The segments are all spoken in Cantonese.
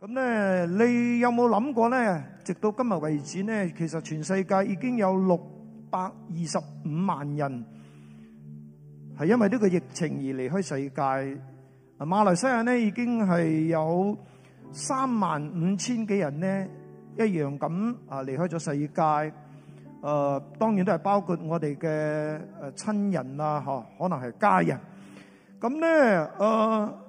咁咧，你有冇諗過咧？直到今日為止咧，其實全世界已經有六百二十五萬人係因為呢個疫情而離開世界。啊，馬來西亞咧已經係有三萬五千幾人咧，一樣咁啊離開咗世界。誒、呃，當然都係包括我哋嘅誒親人啦，嗬，可能係家人。咁咧，誒、呃。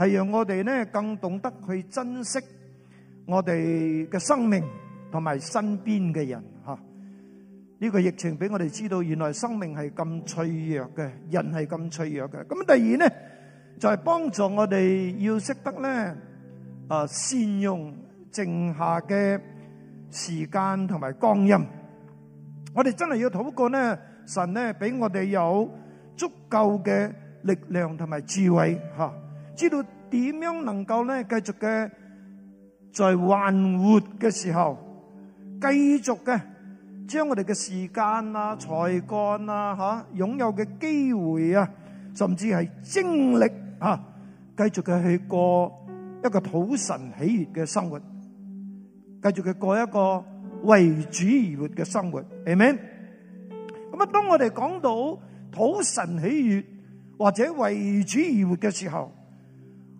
係讓我哋咧更懂得去珍惜我哋嘅生命同埋身邊嘅人吓。呢個疫情俾我哋知道，原來生命係咁脆弱嘅，人係咁脆弱嘅。咁第二咧就係幫助我哋要識得咧誒善用剩下嘅時間同埋光陰。我哋真係要禱告咧，神咧俾我哋有足夠嘅力量同埋智慧吓，知道。點樣能夠咧繼續嘅，在還活嘅時候，繼續嘅將我哋嘅時間啊、才幹啊、嚇、啊、擁有嘅機會啊，甚至係精力啊，繼續嘅去過一個討神喜悅嘅生活，繼續嘅過一個為主而活嘅生活，明白？咁啊，當我哋講到討神喜悅或者為主而活嘅時候。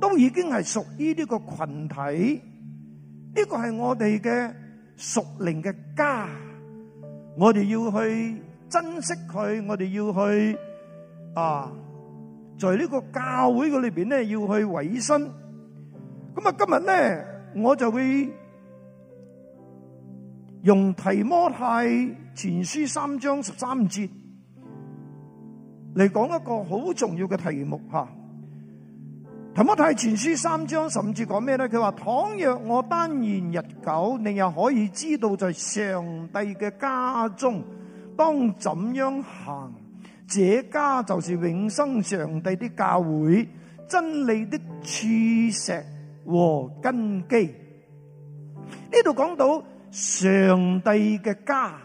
都已經係屬於呢個群體，呢個係我哋嘅屬靈嘅家，我哋要去珍惜佢，我哋要去啊，在呢個教會嘅裏邊咧，要去委身。咁啊，今日咧，我就會用提摩太前書三章十三節嚟講一個好重要嘅題目吓。咁我睇前書三章，甚至講咩咧？佢話倘若我耽延日久，你又可以知道在上帝嘅家中，當怎樣行？這家就是永生上帝的教會，真理的柱石和根基。呢度講到上帝嘅家，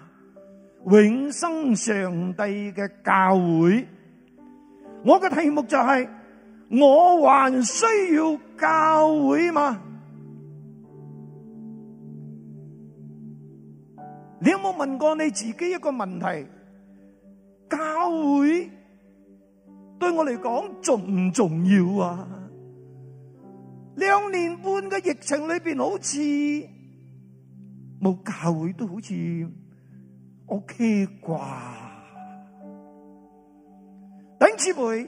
永生上帝嘅教會。我嘅題目就係，是。我還需要教會嗎？你有冇問過你自己一個問題？教會對我嚟講重唔重要啊？兩年半嘅疫情裏邊，好似冇教會都好似 OK 啩。頂次輩。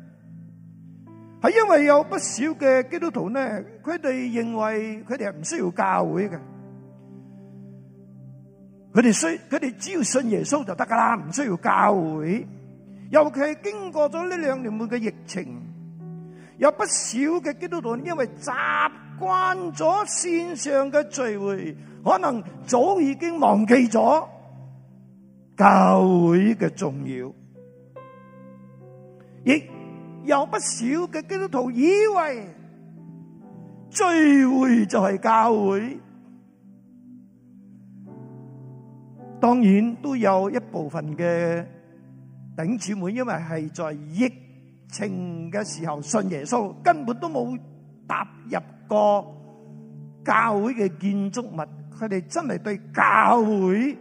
係因為有不少嘅基督徒呢，佢哋認為佢哋係唔需要教會嘅，佢哋需佢哋只要信耶穌就得噶啦，唔需要教會。尤其係經過咗呢兩年半嘅疫情，有不少嘅基督徒因為習慣咗線上嘅聚會，可能早已經忘記咗教會嘅重要，亦有不少嘅基督徒以為聚會就係教會，當然都有一部分嘅頂主們，因為係在疫情嘅時候信耶穌，根本都冇踏入過教會嘅建築物，佢哋真係對教會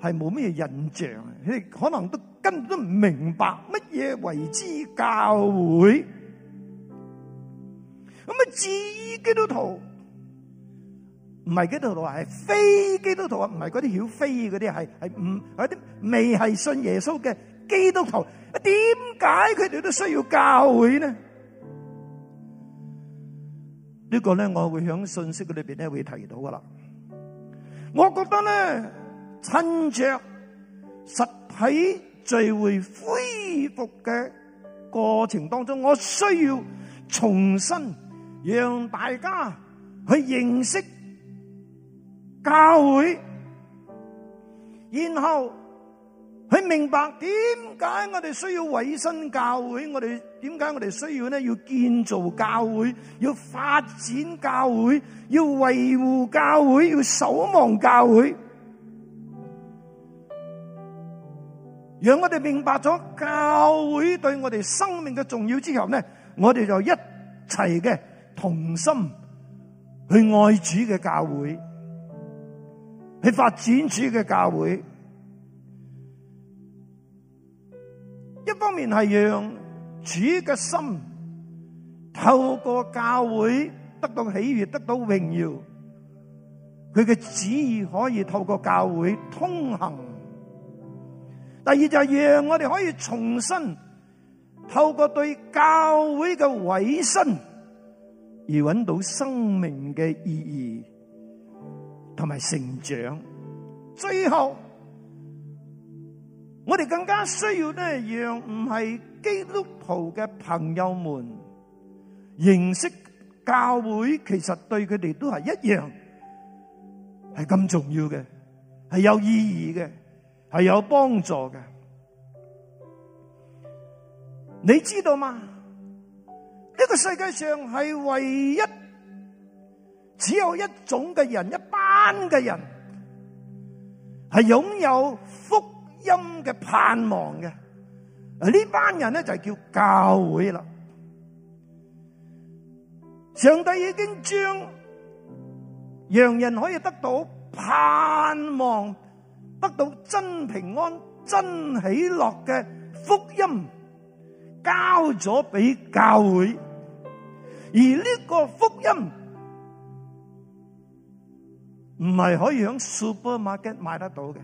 係冇咩印象，佢哋可能都。根本都唔明白乜嘢為之教會，咁啊，非基督徒唔係基督徒啊，係非基督徒啊，唔係嗰啲叫非嗰啲，係係唔係啲未係信耶穌嘅基督徒啊？點解佢哋都需要教會呢？呢個咧我會喺信息嘅裏邊咧會提到噶啦。我覺得咧，趁着實體。在聚會恢復嘅過程當中，我需要重新讓大家去認識教會，然後去明白點解我哋需要委身教會，我哋點解我哋需要咧要建造教會，要發展教會，要維護教會，要守望教會。讓我哋明白咗教會對我哋生命嘅重要之後呢，我哋就一齊嘅同心去愛主嘅教會，去發展主嘅教會。一方面係讓主嘅心透過教會得到喜悅、得到榮耀，佢嘅旨意可以透過教會通行。第二就係讓我哋可以重新透過對教會嘅委身而搵到生命嘅意義，同埋成長。最後，我哋更加需要咧，讓唔係基督徒嘅朋友們認識教會，其實對佢哋都係一樣係咁重要嘅，係有意義嘅。係有幫助嘅，你知道嗎？呢個世界上係唯一只有一種嘅人，一班嘅人係擁有福音嘅盼望嘅。呢班人咧就係叫教會啦。上帝已經將讓人可以得到盼望。得到真平安、真喜樂嘅福音，交咗俾教會。而呢個福音唔係可以響 supermarket 買得到嘅，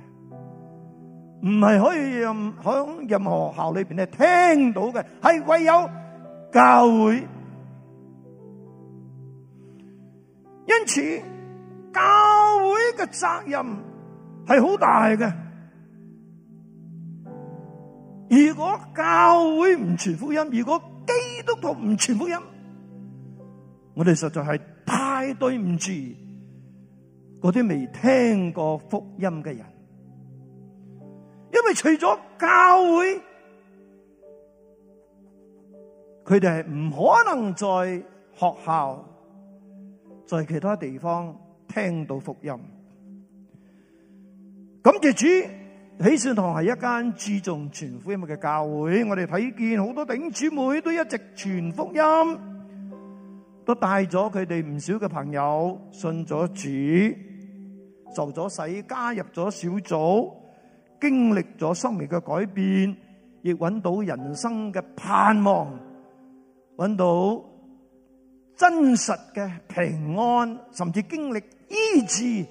唔係可以響任何學校裏邊咧聽到嘅，係唯有教會。因此，教會嘅責任，係好大嘅。如果教會唔傳福音，如果基督徒唔傳福音，我哋實在係太對唔住嗰啲未聽過福音嘅人，因為除咗教會，佢哋係唔可能在學校、在其他地方聽到福音。咁主子喜善堂係一間注重傳福音嘅教會，我哋睇見好多頂姊妹都一直傳福音，都帶咗佢哋唔少嘅朋友信咗主，受咗洗，加入咗小組，經歷咗生命嘅改變，亦揾到人生嘅盼望，揾到真實嘅平安，甚至經歷醫治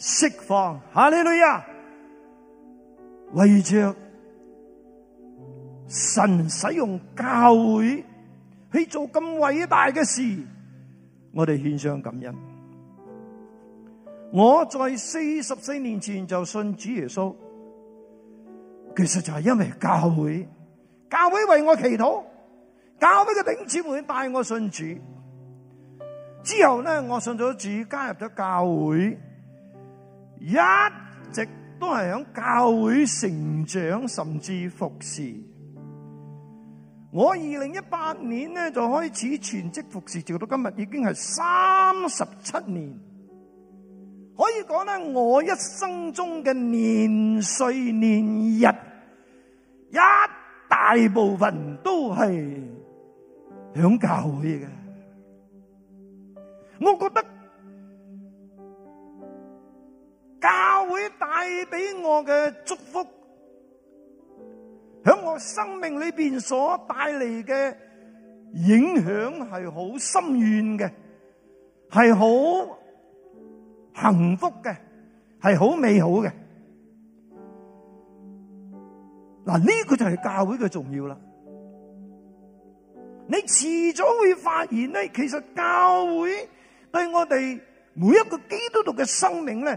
釋放。哈利路亞！為着神使用教會去做咁偉大嘅事，我哋獻上感恩。我在四十四年前就信主耶穌，其實就係因為教會，教會為我祈禱，教會嘅弟兄姊妹帶我信主。之後呢，我信咗主，加入咗教會，一直。都係響教會成長，甚至服侍。我二零一八年咧就開始全職服侍，直到今日已經係三十七年。可以講咧，我一生中嘅年歲年日，一大部分都係響教會嘅。我覺得。教會帶俾我嘅祝福，響我生命裏邊所帶嚟嘅影響係好深遠嘅，係好幸福嘅，係好美好嘅。嗱，呢個就係教會嘅重要啦。你遲早會發現咧，其實教會對我哋每一個基督徒嘅生命咧。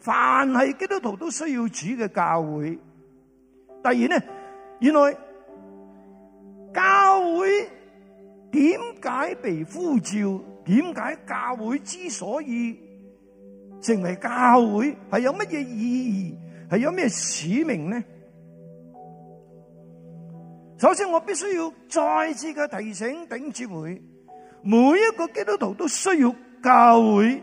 凡係基督徒都需要主嘅教會。第二呢，原來教會點解被呼召？點解教會之所以成為教會，係有乜嘢意義？係有咩使命呢？首先，我必須要再次嘅提醒頂住會，每一個基督徒都需要教會。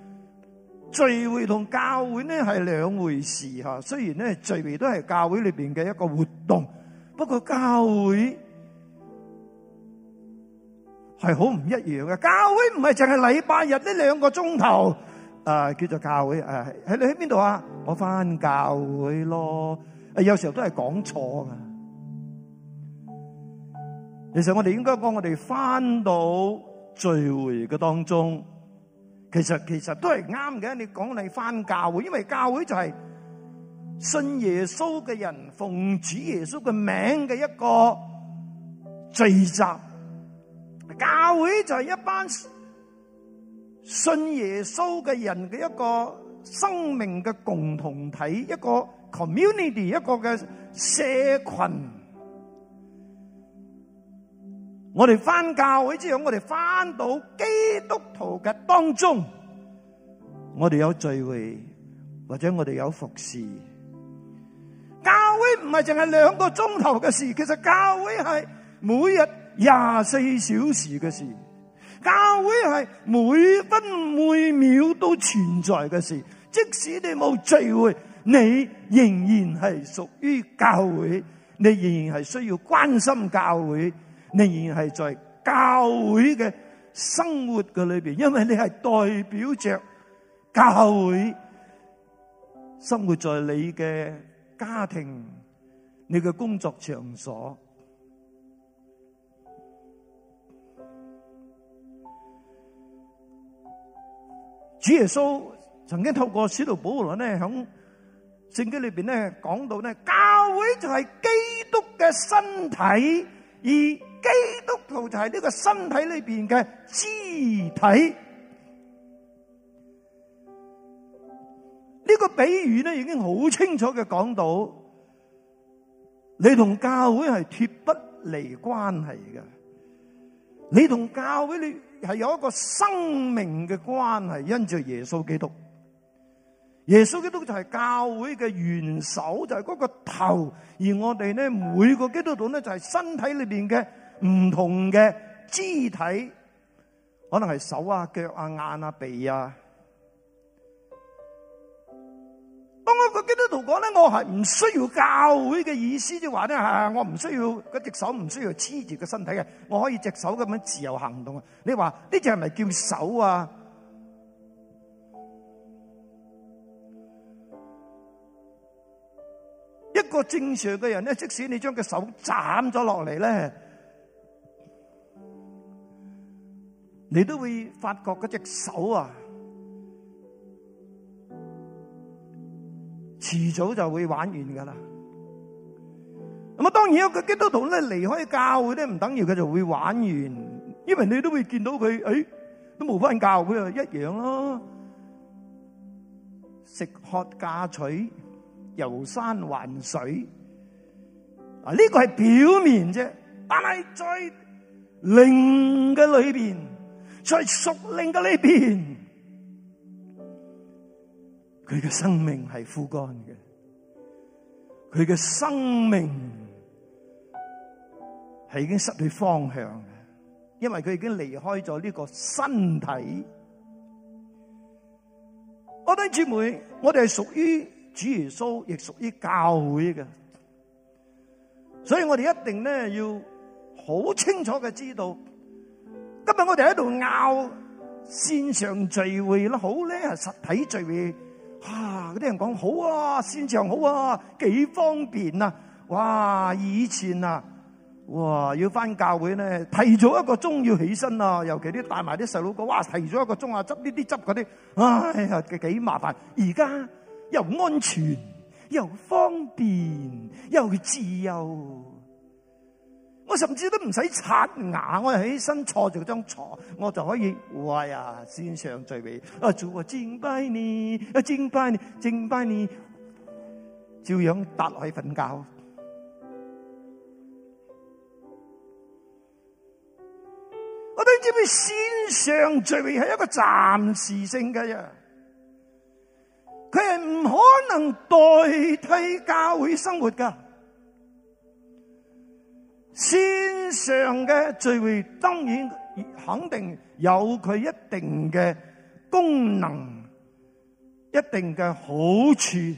聚會同教會呢係兩回事吓，雖然呢聚會都係教會裏邊嘅一個活動，不過教會係好唔一樣嘅。教會唔係淨係禮拜日呢兩個鐘頭，誒，叫做教會。誒，喺你喺邊度啊？我翻教會咯，有時候都係講錯噶。其實我哋應該講，我哋翻到聚會嘅當中。其實其實都係啱嘅，你講你返教會，因為教會就係信耶穌嘅人奉主耶穌嘅名嘅一個聚集，教會就係一班信耶穌嘅人嘅一個生命嘅共同體，一個 community，一個嘅社群。我哋翻教會之後，我哋翻到基督徒嘅當中，我哋有聚會或者我哋有服侍。教會唔係淨係兩個鐘頭嘅事，其實教會係每日廿四小時嘅事，教會係每分每秒都存在嘅事。即使你冇聚會，你仍然係屬於教會，你仍然係需要關心教會。你仍然係在教會嘅生活嘅裏邊，因為你係代表着教會，生活在你嘅家庭、你嘅工作場所。主耶穌曾經透過使徒保羅咧響聖經裏邊咧講到咧，教會就係基督嘅身體而。基督徒就係呢個身體裏邊嘅肢體，呢個比喻咧已經好清楚嘅講到，你同教會係脫不離關係嘅，你同教會你係有一個生命嘅關係，因着耶穌基督，耶穌基督就係教會嘅元首，就係嗰個頭，而我哋咧每個基督徒咧就係身體裏邊嘅。唔同嘅肢體，可能係手啊、腳啊、眼啊、鼻啊。當我個基督徒講咧，我係唔需要教會嘅意思，即係話咧，我唔需要嗰隻手，唔需要黐住個身體嘅，我可以隻手咁樣自由行動啊！你話呢隻係咪叫手啊？一個正常嘅人咧，即使你將個手斬咗落嚟咧。你都會發覺嗰隻手啊，遲早就會玩完噶啦。咁啊，當然一個基督徒咧離開教會咧，唔等於佢就會玩完，因為你都會見到佢，誒，都冇返教佢啊，一樣咯。食喝嫁娶，遊山玩水，啊，呢個係表面啫，但係在靈嘅裏邊。在屬靈嘅呢邊，佢嘅生命係枯乾嘅，佢嘅生命係已經失去方向嘅，因為佢已經離開咗呢個身體。我哋姊妹，我哋係屬於主耶穌，亦屬於教會嘅，所以我哋一定咧要好清楚嘅知道。今日我哋喺度拗線上聚會啦，好咧，實體聚會。嚇、啊，嗰啲人講好啊，線上好啊，幾方便啊！哇，以前啊，哇，要返教會咧，提早一個鐘要起身啊，尤其啲帶埋啲細路哥，哇，提早一個鐘啊，執呢啲執嗰啲，哎呀，幾麻煩。而家又安全，又方便，又自由。我甚至都唔使刷牙，我就起身坐住張床，我就可以，喂、哎、呀！線上聚會啊，做個敬拜你啊，敬拜你，敬拜你照樣搭落去瞓覺。我都知道線上聚會係一個暫時性嘅，佢係唔可能代替教會生活噶。線上嘅聚會當然肯定有佢一定嘅功能，一定嘅好處，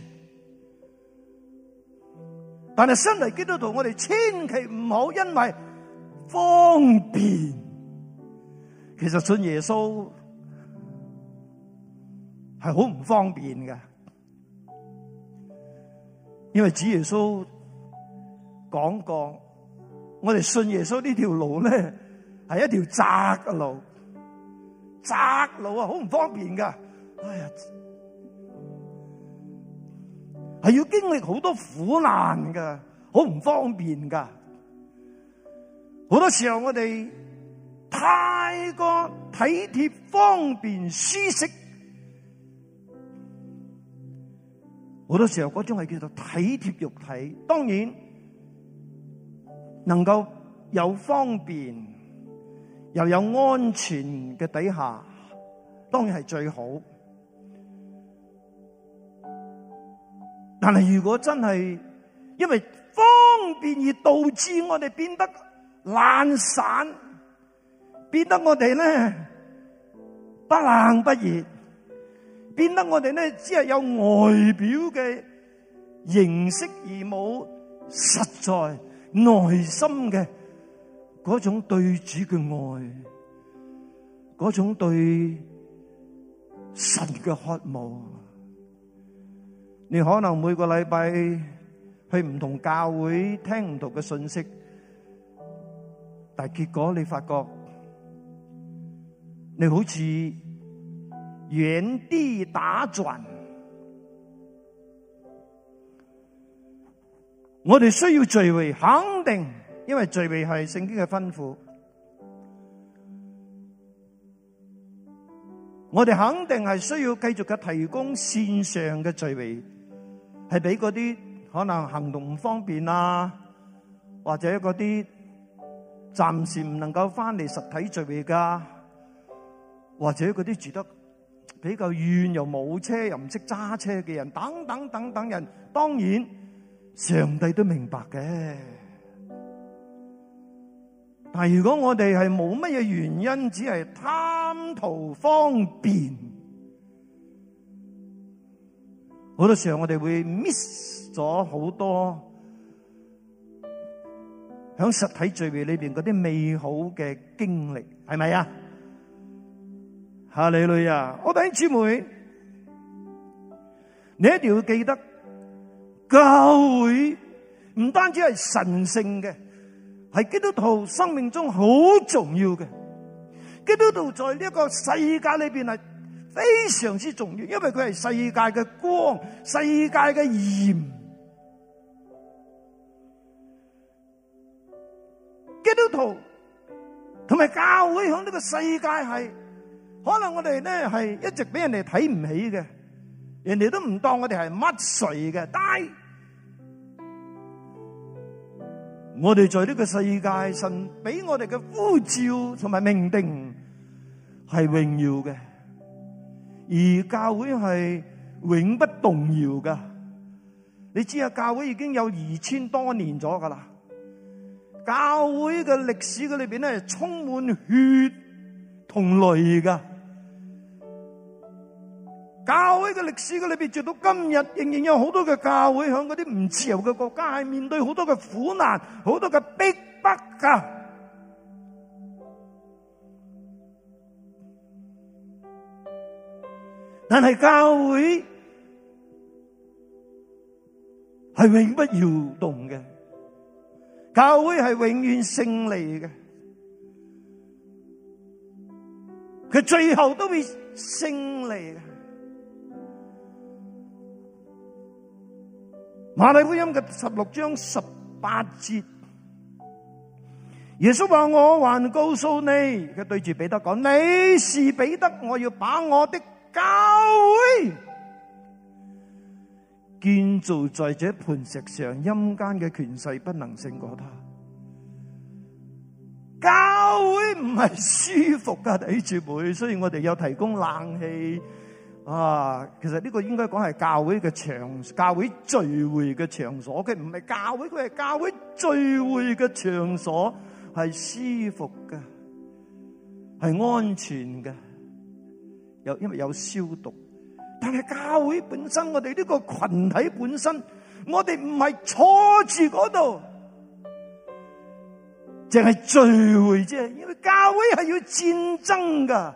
但係身為基督徒，我哋千祈唔好因為方便，其實信耶穌係好唔方便嘅，因為主耶穌講過。我哋信耶穌呢條路咧，係一條窄嘅路，窄路啊，好唔方便噶。哎呀，係要經歷好多苦難噶，好唔方便噶。好多時候我哋太過體貼方便舒適，好多時候嗰種係叫做體貼肉體。當然。能夠有方便又有安全嘅底下，當然係最好。但係如果真係因為方便而導致我哋變得懶散，變得我哋咧不冷不熱，變得我哋咧只係有外表嘅形式而冇實在。內心嘅嗰種對主嘅愛，嗰種對神嘅渴望，你可能每個禮拜去唔同教會聽唔同嘅信息，但係結果你發覺，你好似原地打轉。我哋需要聚會，肯定，因為聚會係聖經嘅吩咐。我哋肯定係需要繼續嘅提供綫上嘅聚會，係俾嗰啲可能行動唔方便啊，或者嗰啲暫時唔能夠翻嚟實體聚會噶，或者嗰啲住得比較遠又冇車又唔識揸車嘅人，等等等等人，當然。上帝都明白嘅，但係如果我哋係冇乜嘢原因，只係貪圖方便，好多時候我哋會 miss 咗好多響實體聚會裏邊嗰啲美好嘅經歷，係咪啊？吓，李女啊，我哋兄姊妹，你一定要記得。教會唔單止係神聖嘅，係基督徒生命中好重要嘅。基督徒在呢一個世界裏邊係非常之重要，因為佢係世界嘅光，世界嘅鹽。基督徒同埋教會響呢個世界係，可能我哋咧係一直俾人哋睇唔起嘅，人哋都唔當我哋係乜誰嘅，但係。我哋在呢個世界上，神俾我哋嘅呼召同埋命定係榮耀嘅，而教會係永不動搖噶。你知啊，教會已經有二千多年咗噶啦，教會嘅歷史裏邊咧，充滿血同淚噶。教會嘅歷史嘅裏邊，直到今日仍然有好多嘅教會響嗰啲唔自由嘅國家，係面對好多嘅苦難、好多嘅逼迫。但係教會係永不搖動嘅，教會係永遠勝利嘅，佢最後都會勝利嘅。馬太福音嘅十六章十八節，耶穌話：我還告訴你，佢對住彼得講，你是彼得，我要把我的教會建造在這磐石上，陰間嘅權勢不能勝過他。教會唔係舒服噶，睇住會，所以我哋有提供冷氣。啊，其實呢個應該講係教會嘅場，教會聚會嘅場所，佢唔係教會，佢係教會聚會嘅場所，係舒服㗎，係安全㗎，有因為有消毒。但係教會本身，我哋呢個群體本身，我哋唔係坐住嗰度，淨係聚會啫。因為教會係要戰爭噶。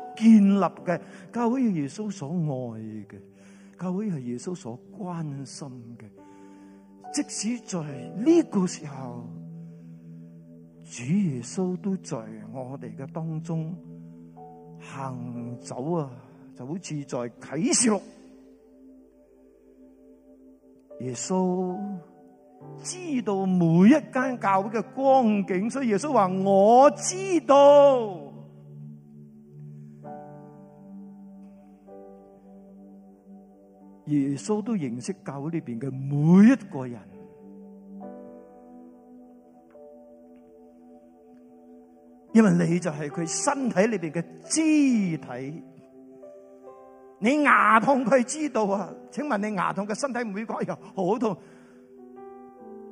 建立嘅教會係耶穌所愛嘅，教會係耶穌所關心嘅。即使在呢個時候，主耶穌都在我哋嘅當中行走啊，就好似在啟示錄，耶穌知道每一間教會嘅光景，所以耶穌話我知道。耶穌都認識教會裏邊嘅每一個人，因為你就係佢身體裏邊嘅肢體。你牙痛佢知道啊？請問你牙痛嘅身體唔會講又好痛，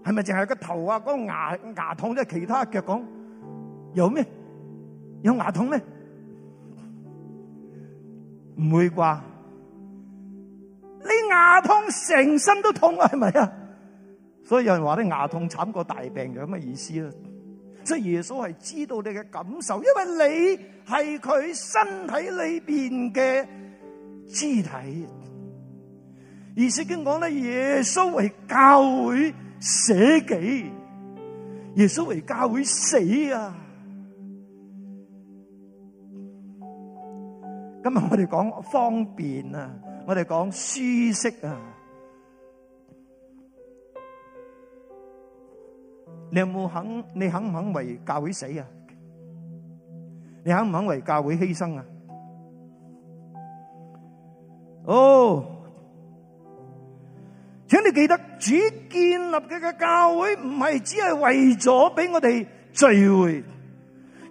係咪淨係個頭啊？嗰、那個牙牙痛即、啊、係其他腳講、啊、有咩？有牙痛咩？唔會啩？你牙痛成身都痛啊，係咪啊？所以有人話啲牙痛慘過大病，就咁嘅意思啦。即係耶穌係知道你嘅感受，因為你係佢身體裏邊嘅肢體。而聖經講咧，耶穌為教會捨己，耶穌為教會死啊。今日我哋講方便啊。我哋講舒適啊，你有冇肯？你肯唔肯為教會死啊？你肯唔肯為教會犧牲啊？哦，請你記得主建立佢嘅教會，唔係只係為咗俾我哋聚會。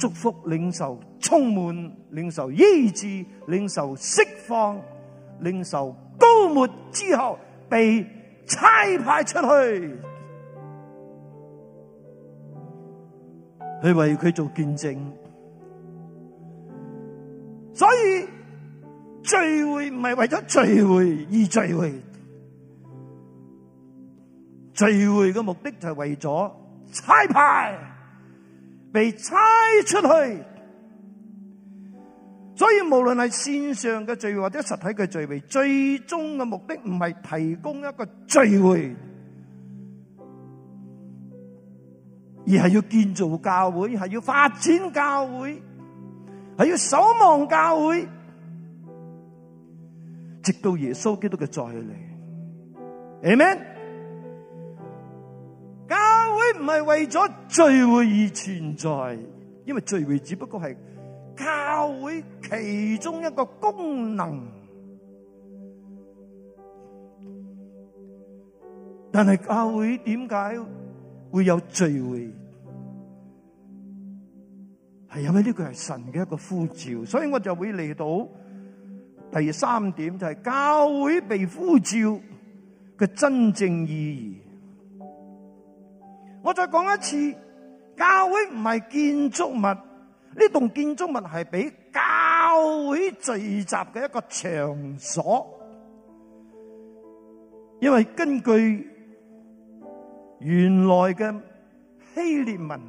祝福領受充滿，領受醫治，領受釋放，領受膏抹之後被差派出去，去為佢做見證。所以聚會唔係為咗聚會而聚會，聚會嘅目的就係為咗差派。被差出去，所以無論係線上嘅聚會或者實體嘅聚會，最終嘅目的唔係提供一個聚會，而係要建造教會，係要發展教會，係要守望教會，直到耶穌基督嘅再嚟。阿門。唔係為咗聚會而存在，因為聚會只不過係教會其中一個功能。但係教會點解會有聚會？係因為呢個係神嘅一個呼召，所以我就會嚟到第三點，就係教會被呼召嘅真正意義。我再講一次，教會唔係建築物，呢棟建築物係俾教會聚集嘅一個場所。因為根據原來嘅希臘文，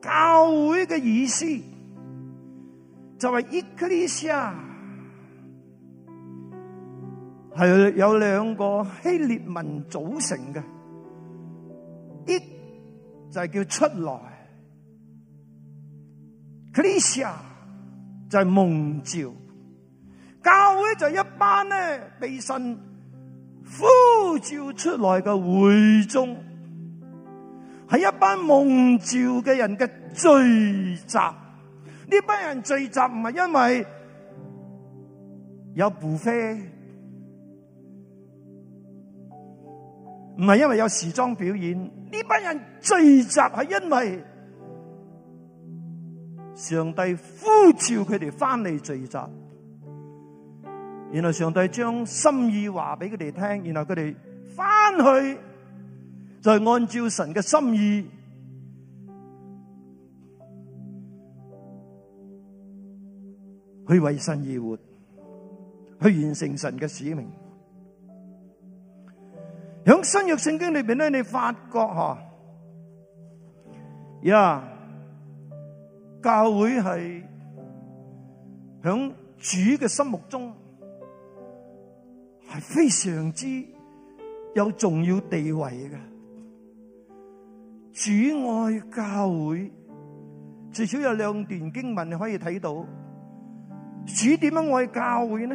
教會嘅意思就係 Ecclesia，係有兩個希臘文組成嘅。就係叫出來，Ekklesia 就係蒙召，教會就係一班呢被神呼召出來嘅會眾，係一班蒙召嘅人嘅聚集。呢班人聚集唔係因為有 buffet，唔係因為有時裝表演。呢班人聚集係因為上帝呼召佢哋翻嚟聚集，然後上帝將心意話俾佢哋聽，然後佢哋翻去就係按照神嘅心意去為神而活，去完成神嘅使命。喺新約聖經裏邊咧，你發覺嗬，呀，教會係喺主嘅心目中係非常之有重要地位嘅。主愛教會，至少有兩段經文你可以睇到。主點樣愛教會呢？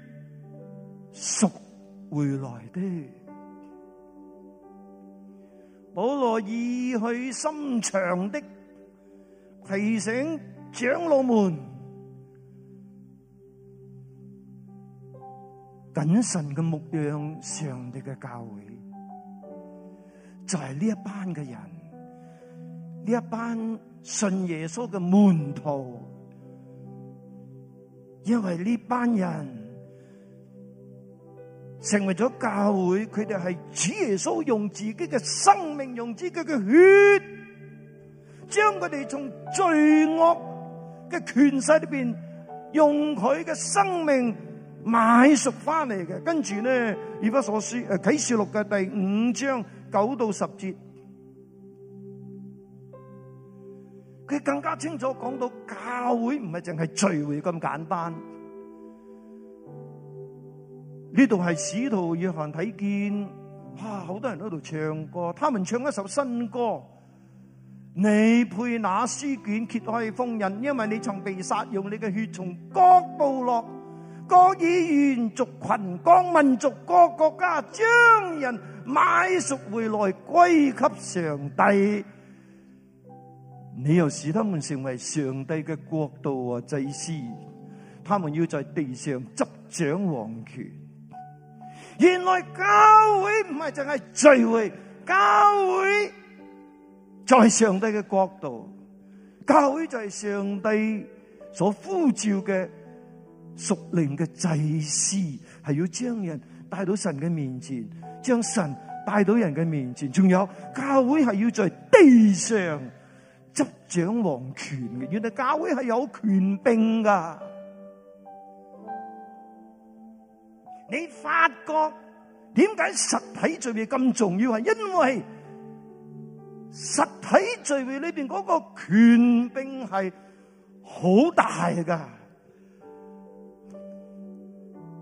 贖回來的，保羅意去心長的提醒長老們，謹慎嘅牧養上帝嘅教會，就係呢一班嘅人，呢一班信耶穌嘅門徒，因為呢班人。成為咗教會，佢哋係主耶穌用自己嘅生命，用自己嘅血，將佢哋從罪惡嘅權勢裏邊，用佢嘅生命買贖翻嚟嘅。跟住呢，而不所書誒，啟示錄嘅第五章九到十節，佢更加清楚講到教會唔係淨係聚會咁簡單。呢度係使徒約翰睇見，啊！好多人喺度唱歌，他們唱一首新歌。你配拿書卷揭開封印，因為你曾被殺，用你嘅血從各部落、各以原族群、各民族、各國家將人買贖回來歸給上帝。你又使他們成為上帝嘅國度和、啊、祭司，他們要在地上執掌王權。原來教會唔係淨係聚會，教會就係上帝嘅國度，教會就係上帝所呼召嘅屬靈嘅祭司，係要將人帶到神嘅面前，將神帶到人嘅面前。仲有教會係要在地上執掌王權嘅，原來教會係有權柄噶。你發覺點解實體聚會咁重要？係因為實體聚會裏邊嗰個權柄係好大㗎。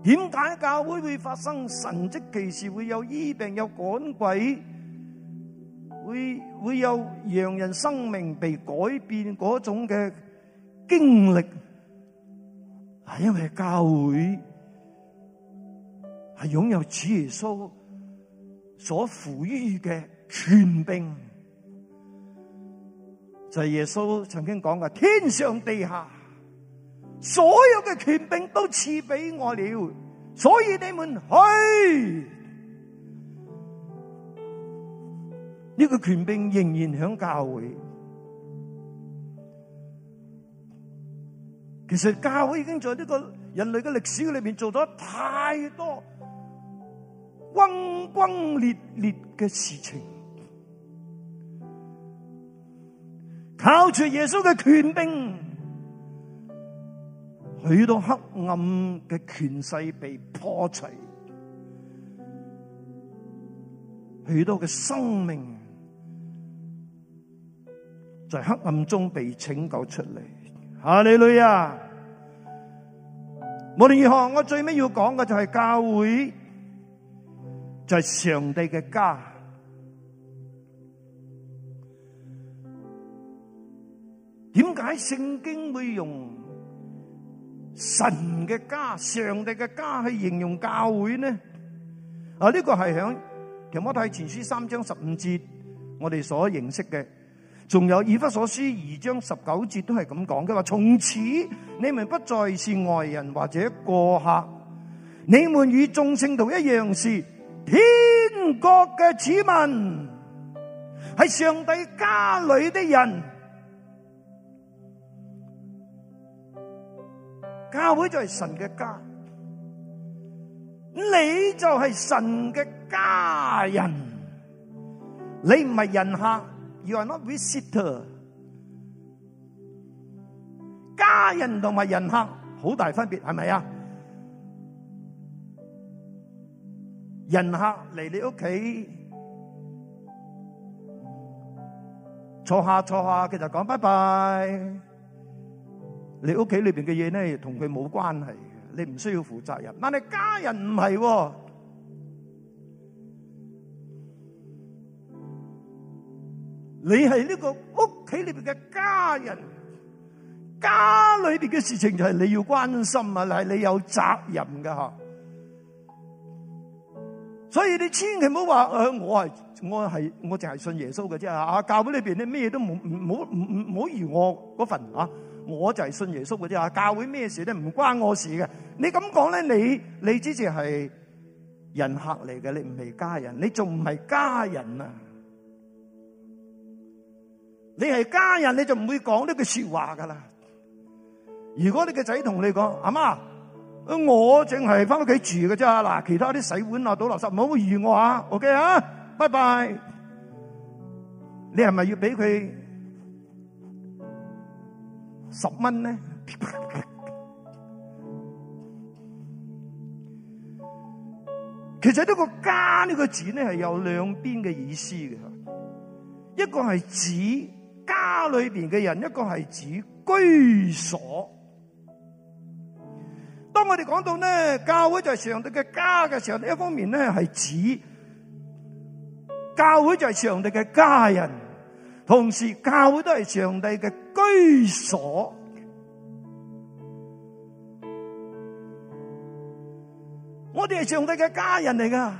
點解教會會發生神迹奇事？會有醫病、有趕鬼，會會有讓人生命被改變嗰種嘅經歷，係因為教會。係擁有主耶穌所賦予嘅權柄，就係耶穌曾經講過：天上地下所有嘅權柄都賜俾我了。所以你們去，呢個權柄仍然響教會。其實教會已經在呢個人類嘅歷史裏面做咗太多，轟轟烈烈嘅事情，靠住耶穌嘅權柄，許多黑暗嘅權勢被破除，許多嘅生命在黑暗中被拯救出嚟。哈利路亞！無論如何，我最尾要講嘅就係教會。就係上帝嘅家，點解聖經會用神嘅家、上帝嘅家去形容教會呢？啊，呢個係響提摩太前書三章十五節我哋所認識嘅，仲有以弗所書二章十九節都係咁講嘅話。從此你們不再是外人或者過客，你們與眾聖徒一樣是。天國嘅子民係上帝家裏的人，教會就係神嘅家，你就係神嘅家人。你唔係人客，You are not visitor。家人同埋人客好大分別，係咪啊？人客嚟你屋企坐下坐下，佢就講拜拜。你屋企裏邊嘅嘢咧，同佢冇關係，你唔需要負責任。但係家人唔係，你係呢個屋企裏邊嘅家人，家裏邊嘅事情就係你要關心啊，係你有責任噶吓。所以你千祈唔好話，誒，我係我係我淨係信耶穌嘅啫吓，教會呢邊咧咩都唔唔唔唔唔好嫌我份吓，我就係信耶穌嘅啫吓，教會咩事都唔關我事嘅。你咁講咧，你你之前係人客嚟嘅，你唔係家人，你仲唔係家人啊？你係家人，你就唔會講呢句說話噶啦。如果你個仔同你講，阿媽。媽媽我淨係翻屋企住㗎啫，嗱，其他啲洗碗啊、倒垃圾唔好預我啊，OK 啊，拜拜。你係咪要俾佢十蚊呢？其實呢個家呢個字呢係有兩邊嘅意思嘅，一個係指家裏邊嘅人，一個係指居所。當我哋講到咧，教會就係上帝嘅家嘅時候，上帝一方面咧係指教會就係上帝嘅家人，同時教會都係上帝嘅居所。我哋係上帝嘅家人嚟噶，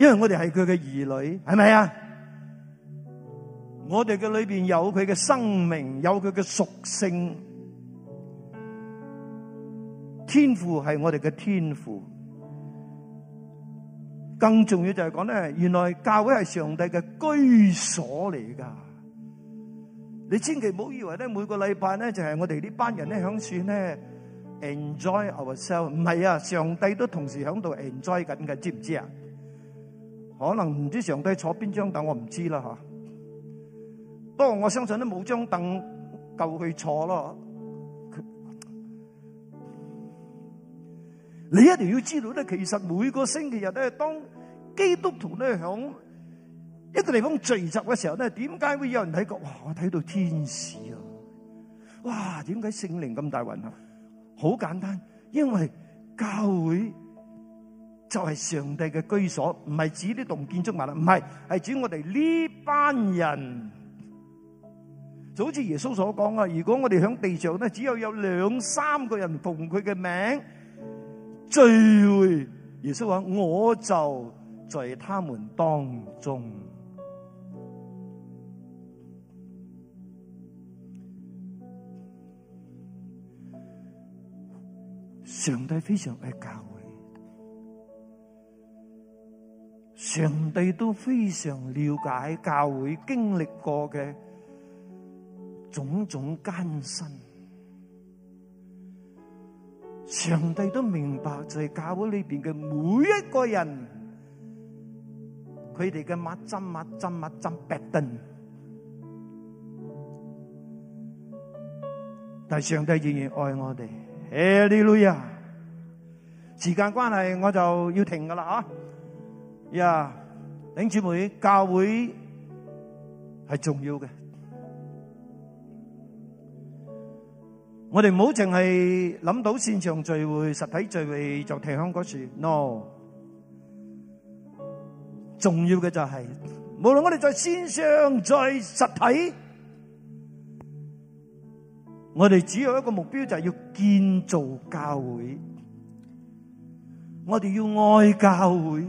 因為我哋係佢嘅兒女，係咪啊？我哋嘅裏邊有佢嘅生命，有佢嘅屬性。天父係我哋嘅天父，更重要就係講咧，原來教會係上帝嘅居所嚟噶。你千祈唔好以為咧，每個禮拜咧就係我哋呢班人咧喺處咧 enjoy ourselves，唔係啊，上帝都同時喺度 enjoy 緊嘅，知唔知啊？可能唔知上帝坐邊張凳，我唔知啦吓。不過我相信都冇張凳夠去坐咯。你一定要知道咧，其實每個星期日咧，當基督徒咧響一個地方聚集嘅時候咧，點解會有人睇過哇？睇到天使啊！哇，點解聖靈咁大運啊？好簡單，因為教會就係上帝嘅居所，唔係指呢棟建築物啦，唔係係指我哋呢班人。就好似耶穌所講啊，如果我哋響地上咧，只有有兩三個人奉佢嘅名。聚會，耶穌話我就在他們當中。上帝非常愛教會，上帝都非常了解教會經歷過嘅種種艱辛。上帝都明白在教會裏邊嘅每一個人，佢哋嘅乜掙乜掙乜掙白定，但係上帝仍然愛我哋。哈利路亞！時間關係，我就要停噶啦啊！呀，弟兄姊妹，教會係重要嘅。我哋唔好淨係諗到線上聚會、實體聚會就停喺嗰處。no，重要嘅就係，無論我哋在線上、在實體，我哋只有一個目標，就係要建造教會。我哋要愛教會，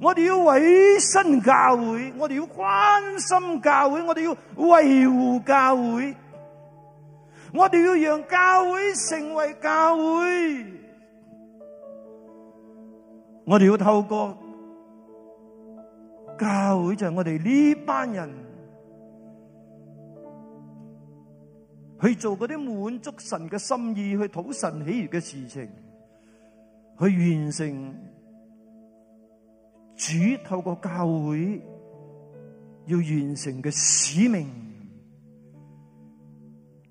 我哋要委身教會，我哋要關心教會，我哋要維護教會。我哋要讓教會成為教會，我哋要透過教會，就係我哋呢班人去做嗰啲滿足神嘅心意、去討神喜悅嘅事情，去完成主透過教會要完成嘅使命。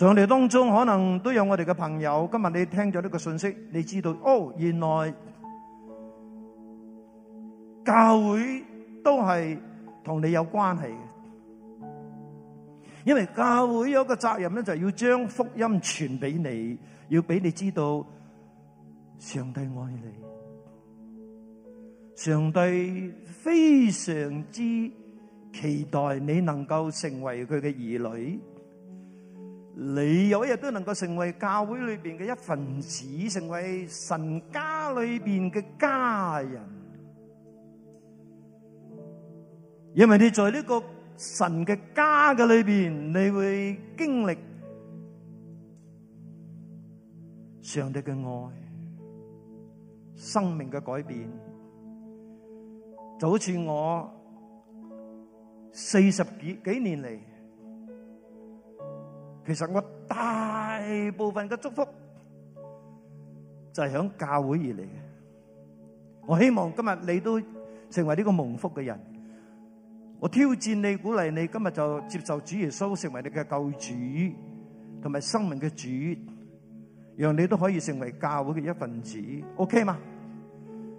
上帝當中可能都有我哋嘅朋友，今日你聽咗呢個信息，你知道哦，原來教會都係同你有關係嘅，因為教會有一個責任咧，就係要將福音傳俾你，要俾你知道上帝愛你，上帝非常之期待你能夠成為佢嘅兒女。你有一日都能夠成為教會裏邊嘅一份子，成為神家裏邊嘅家人，因為你在呢個神嘅家嘅裏邊，你會經歷上帝嘅愛、生命嘅改變，就好似我四十幾幾年嚟，其實我大部分嘅祝福就係響教會而嚟嘅。我希望今日你都成為呢個蒙福嘅人。我挑戰你，鼓勵你，今日就接受主耶穌成為你嘅救主，同埋生命嘅主，讓你都可以成為教會嘅一份子。OK 嘛？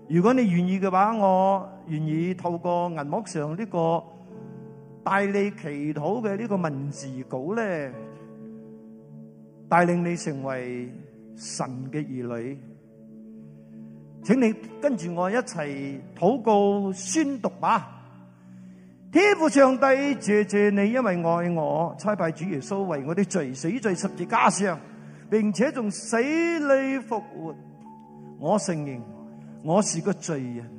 如果你願意嘅話，我願意透過銀幕上呢個帶你祈禱嘅呢個文字稿咧。帶領你成為神嘅兒女，請你跟住我一齊禱告宣讀吧。天父上帝，謝謝你，因為愛我，差派主耶穌為我的罪死在十字架上，並且仲死裏復活。我承認我是個罪人，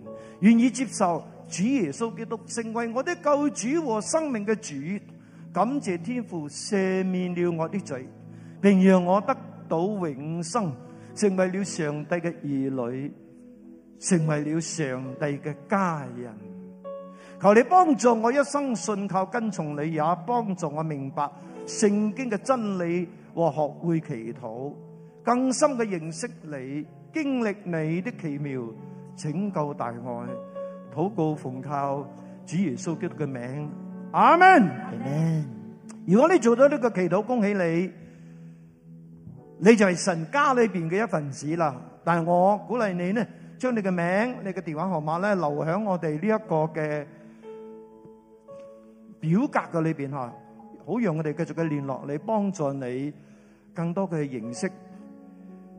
願意接受主耶穌基督成為我的救主和生命嘅主。感謝天父赦免了我的罪。並讓我得到永生，成為了上帝嘅兒女，成為了上帝嘅家人。求你幫助我一生信靠跟從你，也幫助我明白聖經嘅真理和學會祈禱，更深嘅認識你，經歷你的奇妙拯救大愛，禱告奉靠主耶穌基督嘅名，阿門。阿門。如果你做到呢個祈禱，恭喜你。你就係神家裏邊嘅一份子啦，但係我鼓勵你咧，將你嘅名、你嘅電話號碼咧留響我哋呢一個嘅表格嘅裏邊吓，好讓我哋繼續嘅聯絡你，幫助你更多嘅認識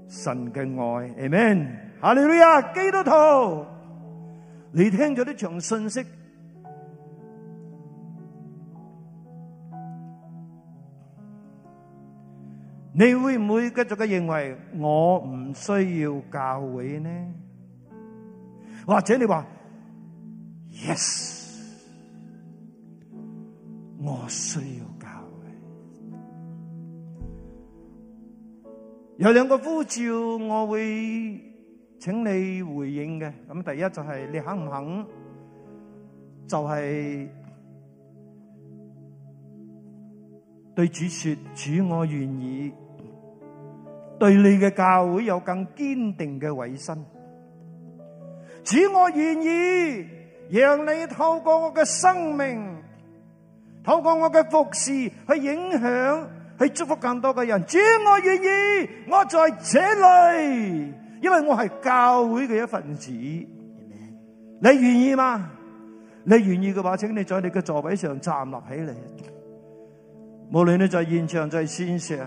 神嘅愛。阿門，哈利路亞，基督徒，你聽咗呢場信息。你會唔會繼續嘅認為我唔需要教會呢？或者你話 Yes，我需要教會。有兩個呼召，我會請你回應嘅，咁第一就係你肯唔肯，就係對主說主，我願意。對你嘅教會有更堅定嘅委身，主，我願意，讓你透過我嘅生命，透過我嘅服侍去影響，去祝福更多嘅人。主，我願意，我在這裏，因為我係教會嘅一份子。你願意嗎？你願意嘅話，請你在你嘅座位上站立起嚟，無論你在現場，在線上，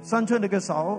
伸出你嘅手。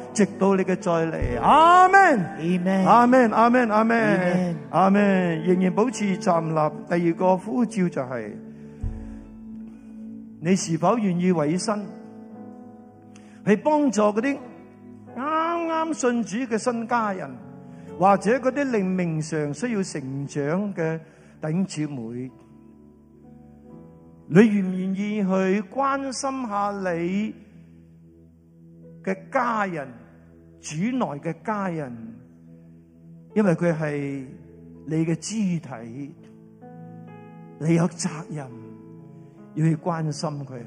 直到你嘅再嚟，阿門，阿門，阿門，阿門，阿門，仍然保持站立。第二個呼召就係，你是否願意委身，去幫助嗰啲啱啱信主嘅新家人，或者嗰啲靈命上需要成長嘅弟兄姊妹，你願唔願意去關心下你嘅家人？主內嘅家人，因為佢係你嘅肢體，你有責任要去關心佢。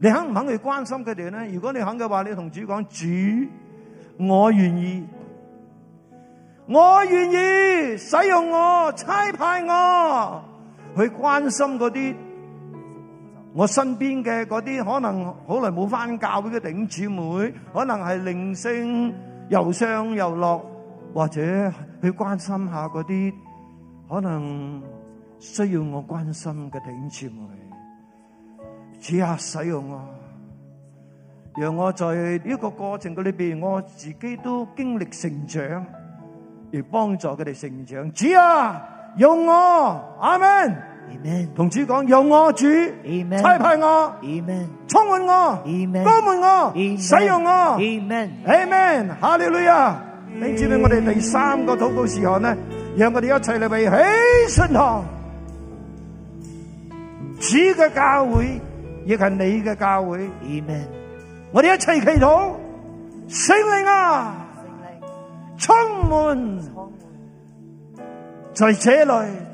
你肯唔肯去關心佢哋呢？如果你肯嘅話，你同主講：主，我願意，我願意使用我、差派我去關心嗰啲。我身邊嘅嗰啲可能好耐冇翻教會嘅弟兄姊妹，可能係靈性又上又落，或者去關心下嗰啲可能需要我關心嘅弟兄姊妹，主啊，使用我，讓我在呢個過程嘅裏邊，我自己都經歷成長，而幫助佢哋成長。主啊，用我，阿門。同主講由我主差派我充滿我充滿我，門我使用我，阿門！阿門！哈利路亞！弟兄姊妹，我哋第三個禱告事項呢，讓我哋一齊嚟為喜信堂主嘅教會，亦係你嘅教會。我哋一齊祈禱，聖靈啊，充滿在這裏。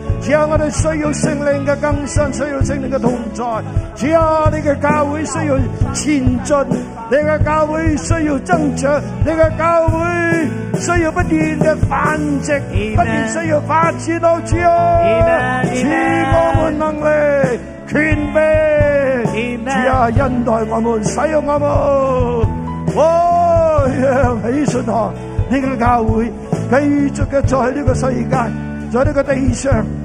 只有我哋需要聖靈嘅更新，需要聖靈嘅同在。只有你嘅教會需要前進，你嘅教會需要增長，你嘅教會需要不斷嘅繁殖，Amen. 不斷需要發展到處啊！賜 Amen. 我們能力、權柄，只有係恩待我們、使用我們。我、哦 yeah, 喜訊啊！呢、這個教會繼續嘅在呢個世界，在呢個地上。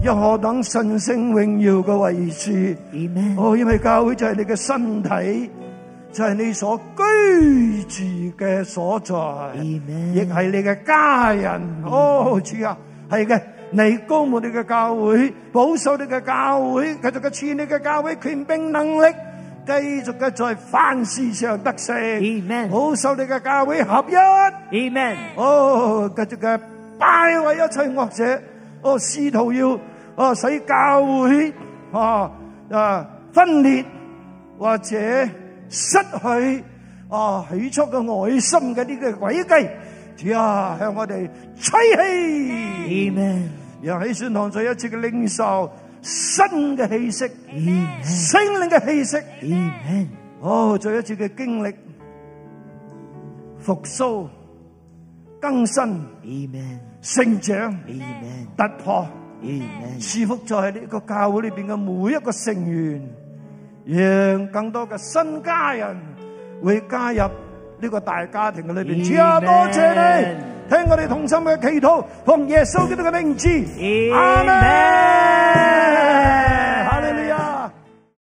有何等神聖榮耀嘅位置？Amen. 哦，因為教會就係你嘅身體，就係、是、你所居住嘅所在，亦係 Amen. 你嘅家人。Amen. 哦，主啊，係嘅，你高牧你嘅教會，保守你嘅教會，繼續嘅賜你嘅教會權柄能力，繼續嘅在凡事上得勝，Amen. 保守你嘅教會合一。Amen. 哦，繼續嘅敗壞一切惡者。我、哦、試圖要，我、啊、使教會啊啊分裂或者失去啊起初嘅愛心嘅呢個詭計啊向我哋吹氣。又喺 Amen. 宣堂再一次嘅領受新嘅氣息，聖 Amen. 靈嘅氣息。Amen. 哦，再一次嘅經歷復甦更新。Amen. 成長、Amen. 突破，Amen. 賜福在呢一個教會裏邊嘅每一個成員，讓更多嘅新家人會加入呢個大家庭嘅裏邊。主啊，多謝你，聽我哋同心嘅祈禱，奉耶穌基督嘅名字，阿門 Amen.